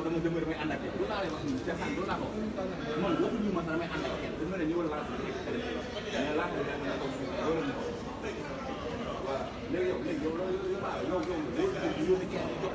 yow dama dama damay ànd ak yow loolu laa lay wax nii ca xam loolu laa ko wax man waxuñu ma sax damay ànd ak kenn dañu ma ne ñëwal laas bi mais laas bi dañu ko loolu la ko voilà léegi yow léegi yow loolu yow yow yow léegi yow yónni kenn jox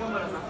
yomb na sax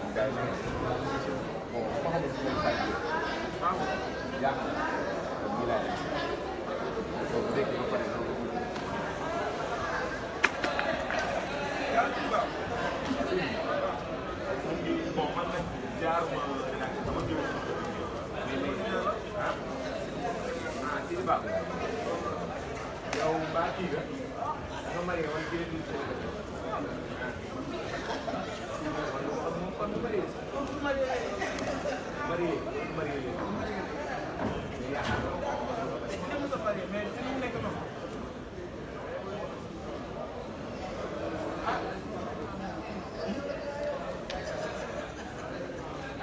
bon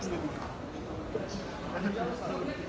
Thank you.